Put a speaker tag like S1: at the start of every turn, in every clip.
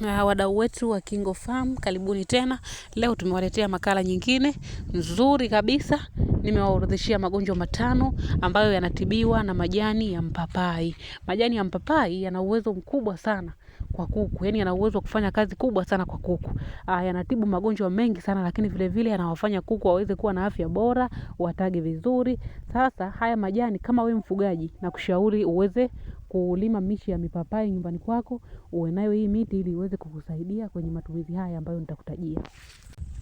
S1: wadau wetu wa Kingo Farm, karibuni tena. Leo tumewaletea makala nyingine nzuri kabisa. Nimewaorodheshia magonjwa matano ambayo yanatibiwa na majani ya mpapai. Majani ya mpapai yana uwezo mkubwa sana kwa kuku, yani yana uwezo wa kufanya kazi kubwa sana kwa kuku. Uh, yanatibu magonjwa mengi sana lakini vile vile yanawafanya kuku waweze kuwa na afya bora, watage vizuri. Sasa haya majani kama we mfugaji, nakushauri uweze kulima mishi ya mipapai nyumbani kwako, uwe nayo hii miti ili iweze kukusaidia kwenye matumizi haya ambayo nitakutajia.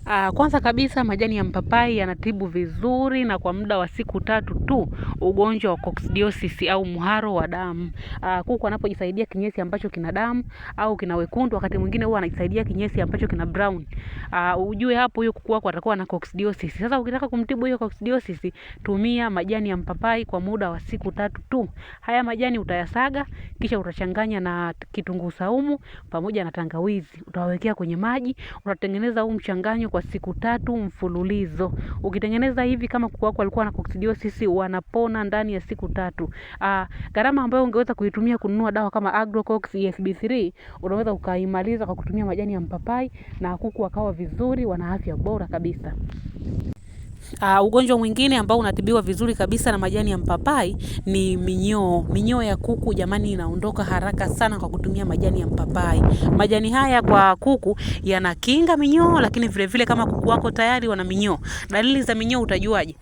S2: Ah, kwanza kabisa majani ya mpapai yanatibu vizuri na kwa muda wa siku tatu tu ugonjwa wa coccidiosis au muharo wa damu. Ah, kuku anapojisaidia kinyesi ambacho kina damu au kina wekundu, wakati mwingine huwa anajisaidia kinyesi ambacho kina brown. Ah, ujue hapo huyo kuku wako atakuwa na coccidiosis. Sasa ukitaka kumtibu hiyo coccidiosis, tumia majani ya mpapai kwa muda wa siku tatu tu. Haya majani utayasaga kisha utachanganya na kitunguu saumu pamoja na tangawizi. Utawawekea kwenye maji, utatengeneza huu mchanganyo kwa siku tatu mfululizo. Ukitengeneza hivi kama kuku wako walikuwa na coccidiosis wanapona ndani ya siku tatu. Ah, gharama ambayo ungeweza kuitumia kununua dawa kama Agrocox esb 3 unaweza ukaimaliza kwa kutumia majani ya mpapai na kuku wakawa vizuri, wana afya bora kabisa. Uh, ugonjwa mwingine ambao unatibiwa vizuri kabisa na majani ya mpapai ni minyoo. Minyoo ya kuku jamani, inaondoka haraka sana kwa kutumia majani ya mpapai. Majani haya kwa kuku yanakinga minyoo, lakini vilevile kama kuku wako tayari wana minyoo, dalili za minyoo utajuaje?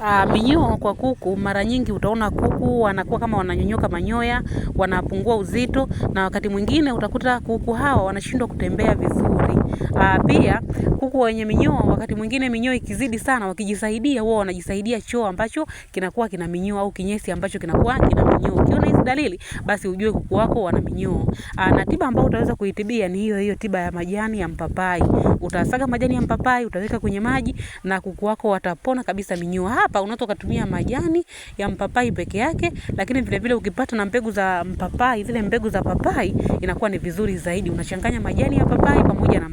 S2: Uh, minyoo kwa kuku, mara nyingi utaona kuku wanakuwa kama wananyonyoka manyoya, wanapungua uzito, na wakati mwingine utakuta kuku hawa wanashindwa kutembea vizuri. Uh, pia kuku wenye minyoo, wakati mwingine minyoo ikizidi sana, wakijisaidia huwa wanajisaidia choo ambacho kinakuwa kina minyoo au kinyesi ambacho kinakuwa kina minyoo. Ukiona hizi dalili, basi ujue kuku wako wana minyoo. Uh, na tiba ambayo utaweza kuitibia ni hiyo hiyo tiba ya majani ya mpapai. Utasaga majani ya mpapai, utaweka kwenye maji na kuku wako watapona kabisa minyoo hapa unaweza kutumia majani ya mpapai peke yake, lakini vile vile ukipata na mbegu za mpapai, zile mbegu za papai inakuwa ni vizuri zaidi. Unachanganya majani ya papai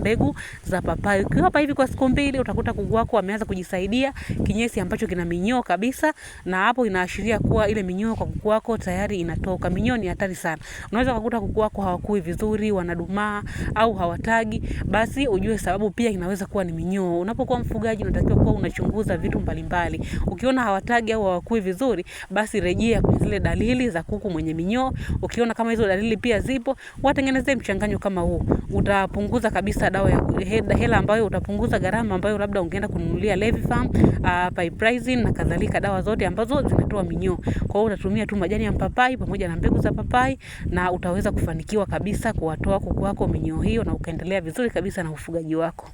S2: mbegu za papai. Ukiwa hapa hivi kwa siku mbili, utakuta kuku wako wameanza kujisaidia kinyesi ambacho kina minyoo kabisa, na hapo inaashiria kuwa ile minyoo kwa kuku wako tayari inatoka. Minyoo ni hatari sana, unaweza kukuta kuku wako hawakui vizuri, wanadumaa au hawatagi, basi ujue sababu pia inaweza kuwa ni minyoo. Unapokuwa mfugaji, unatakiwa kuwa unachunguza vitu mbalimbali. Ukiona hawatagi au hawakui vizuri, basi rejea kwa zile dalili za kuku mwenye minyoo. Ukiona kama hizo dalili pia zipo, watengenezee mchanganyo kama huu, utapunguza kabisa dawa ya hela ambayo utapunguza gharama ambayo labda ungeenda kununulia Levifarm, uh, ah, piperacin na kadhalika, dawa zote ambazo zinatoa minyoo. Kwa hiyo utatumia tu majani ya mpapai pamoja na mbegu za papai na utaweza kufanikiwa kabisa kuwatoa kuku wako minyoo hiyo na ukaendelea vizuri kabisa na ufugaji wako.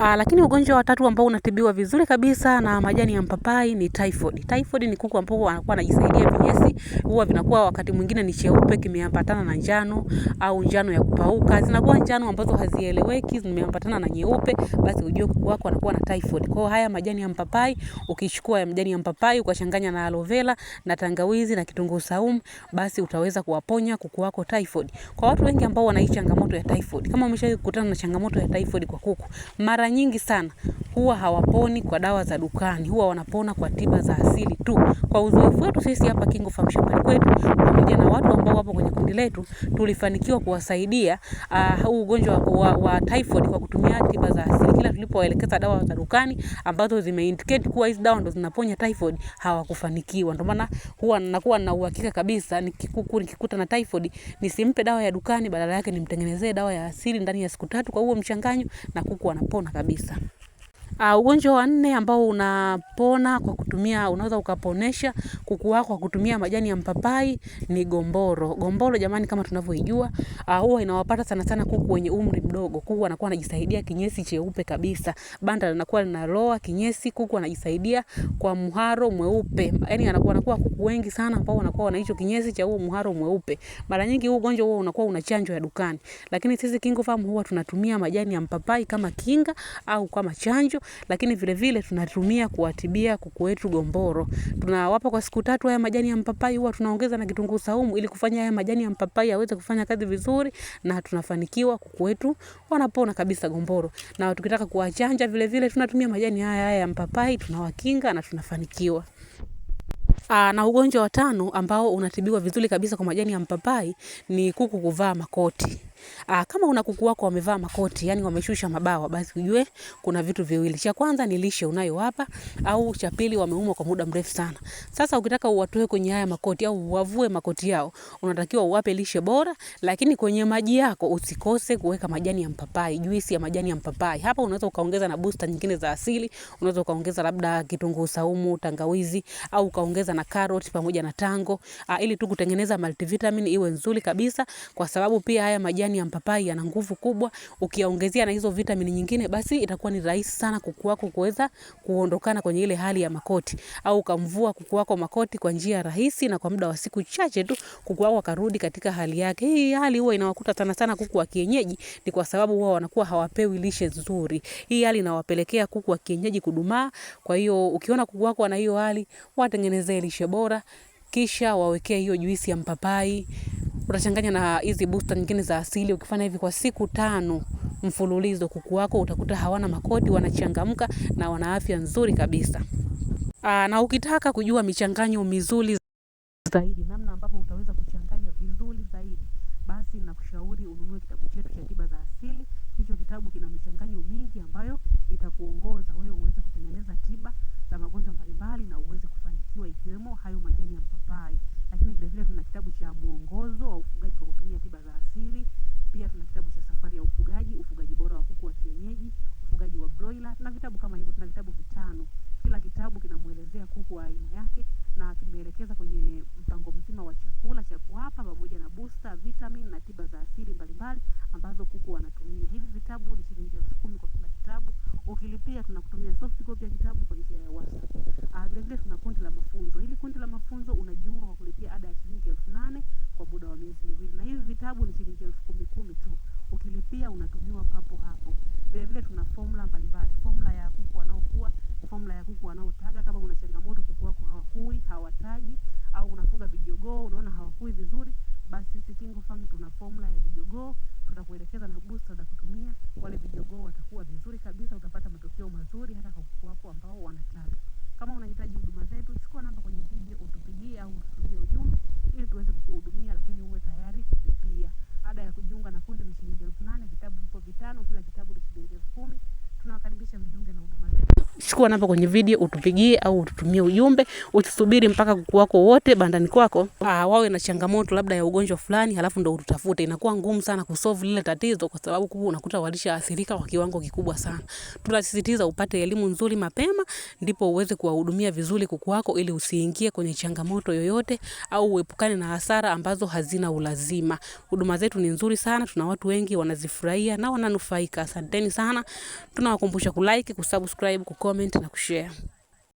S2: Aa, ah, lakini ugonjwa wa tatu ambao unatibiwa vizuri kabisa na majani ya mpapai ni typhoid. Typhoid ni kuku ambao wanakuwa wanajisaidia vinyesi, huwa vinakuwa wakati mwingine ni cheupe kimeambatana na njano au njano ya kupauka. Zinakuwa njano ambazo hazieleweki, zimeambatana na nyeupe, basi ujue kuku wako anakuwa na typhoid. Kwa hiyo haya majani ya mpapai, ukichukua ya majani ya mpapai ukachanganya na aloe vera na tangawizi na kitunguu saumu, basi utaweza kuwaponya kuku wako typhoid. Kwa watu wengi ambao wanaishi changamoto ya typhoid. Kama umeshakutana na changamoto ya typhoid kwa kuku, mara mara nyingi sana huwa hawaponi kwa dawa za dukani, huwa wanapona kwa tiba za asili tu. Kwa uzoefu wetu sisi hapa Kingo Farm shambani kwetu, pamoja na watu ambao wapo kwenye kundi letu, tulifanikiwa kuwasaidia uh, huu ugonjwa wa, wa typhoid kwa kutumia tiba za asili ila tulipoelekeza dawa za dukani ambazo zimeindicate kuwa hizi dawa ndo zinaponya typhoid hawakufanikiwa. Ndio maana huwa nakuwa na uhakika kabisa nikikuku nikikuta na typhoid nisimpe dawa ya dukani, badala yake nimtengenezee dawa ya asili ndani ya siku tatu kwa huo mchanganyo na kuku anapona kabisa. Uh, ugonjwa wa nne ambao unapona kwa kutumia unaweza ukaponesha kuku wako kwa kutumia majani ya mpapai ni gomboro. Gomboro jamani, kama tunavyoijua uh, huwa inawapata sana sana kuku wenye umri mdogo. Kuku anakuwa anajisaidia kinyesi cheupe kabisa, banda linakuwa linaloa kinyesi, kuku anajisaidia kwa mharo mweupe. Yani anakuwa anakuwa kuku wengi sana ambao wanakuwa wana hicho kinyesi cha huo mharo mweupe. Mara nyingi huu ugonjwa huo unakuwa una chanjo ya dukani, lakini sisi KingoFarm huwa tunatumia majani ya mpapai kama kinga au kama chanjo lakini vile vile tunatumia kuwatibia kuku wetu gomboro. Tunawapa kwa siku tatu haya majani ya mpapai, huwa tunaongeza na kitunguu saumu ili kufanya haya majani ya mpapai yaweze kufanya kazi vizuri, na tunafanikiwa kuku wetu wanapona kabisa gomboro. Na tukitaka kuwachanja vile vile tunatumia majani haya haya ya mpapai, tunawakinga na tunafanikiwa. Aa, ah, na ugonjwa wa tano ambao unatibiwa vizuri kabisa kwa majani ya mpapai ni kuku kuvaa makoti. Ah, kama una kuku wako wamevaa makoti, yani wameshusha mabawa, basi ujue kuna vitu viwili. Cha kwanza ni lishe unayowapa au cha pili wameumwa kwa muda mrefu sana. Sasa ukitaka uwatoe kwenye haya makoti au uwavue makoti yao, unatakiwa uwape lishe bora, lakini kwenye maji yako usikose kuweka majani ya mpapai, juisi ya majani ya mpapai. Hapa unaweza ukaongeza na booster nyingine za asili, unaweza ukaongeza labda kitunguu saumu, tangawizi au ukaongeza na carrot pamoja na tango, ah, ili tu kutengeneza multivitamin iwe nzuri kabisa kwa sababu pia haya majani majani ya mpapai yana nguvu kubwa, ukiaongezea na hizo vitamini nyingine, basi itakuwa ni rahisi sana kuku wako kuweza kuondokana kwenye ile hali ya makoti, au ukamvua kuku wako makoti kwa njia rahisi, na kwa muda wa siku chache tu kuku wako akarudi katika hali yake. Hii hali huwa inawakuta sana sana kuku wa kienyeji, ni kwa sababu huwa wanakuwa hawapewi lishe nzuri. Hii hali inawapelekea kuku wa kienyeji kudumaa. Kwa hiyo ukiona kuku wako wana hiyo hali, watengenezee lishe bora, kisha wawekee hiyo juisi ya mpapai utachanganya na hizi booster nyingine za asili. Ukifanya hivi kwa siku tano mfululizo, kuku wako utakuta hawana makodi, wanachangamka na wana afya nzuri kabisa. Aa, ah, na ukitaka kujua michanganyo mizuri zaidi,
S3: namna ambavyo utaweza kuchanganya vizuri zaidi, basi nakushauri ununue kitabu chetu cha tiba za asili. Hicho kitabu kina michanganyo mingi ambayo itakuongoza tofauti, hata kama una changamoto kuku wako hawakui, hawataji au unafuga vijogoo unaona hawakui vizuri, basi sikingo Farm tuna formula ya vijogoo, tutakuelekeza na booster za kutumia. Wale vijogoo watakuwa vizuri kabisa, utapata matokeo mazuri hata kwa kuku wako ambao wanataga.
S2: chukua namba kwenye video utupigie au ututumie ujumbe. Usisubiri mpaka kuku wako wote bandani kwako ah, wawe na changamoto labda ya ugonjwa fulani, halafu ndo ututafute. Inakuwa ngumu sana kusolve lile tatizo, kwa sababu kuku unakuta walishaathirika kwa kiwango kikubwa sana. Tunasisitiza upate elimu nzuri mapema, ndipo uweze kuwahudumia vizuri kuku wako, ili usiingie kwenye changamoto yoyote au uepukane na hasara ambazo hazina ulazima. Huduma zetu ni nzuri sana, tuna watu wengi wanazifurahia na wananufaika. Asanteni sana, tunawakumbusha kulike, kusubscribe, kucomment kucomment na kushare.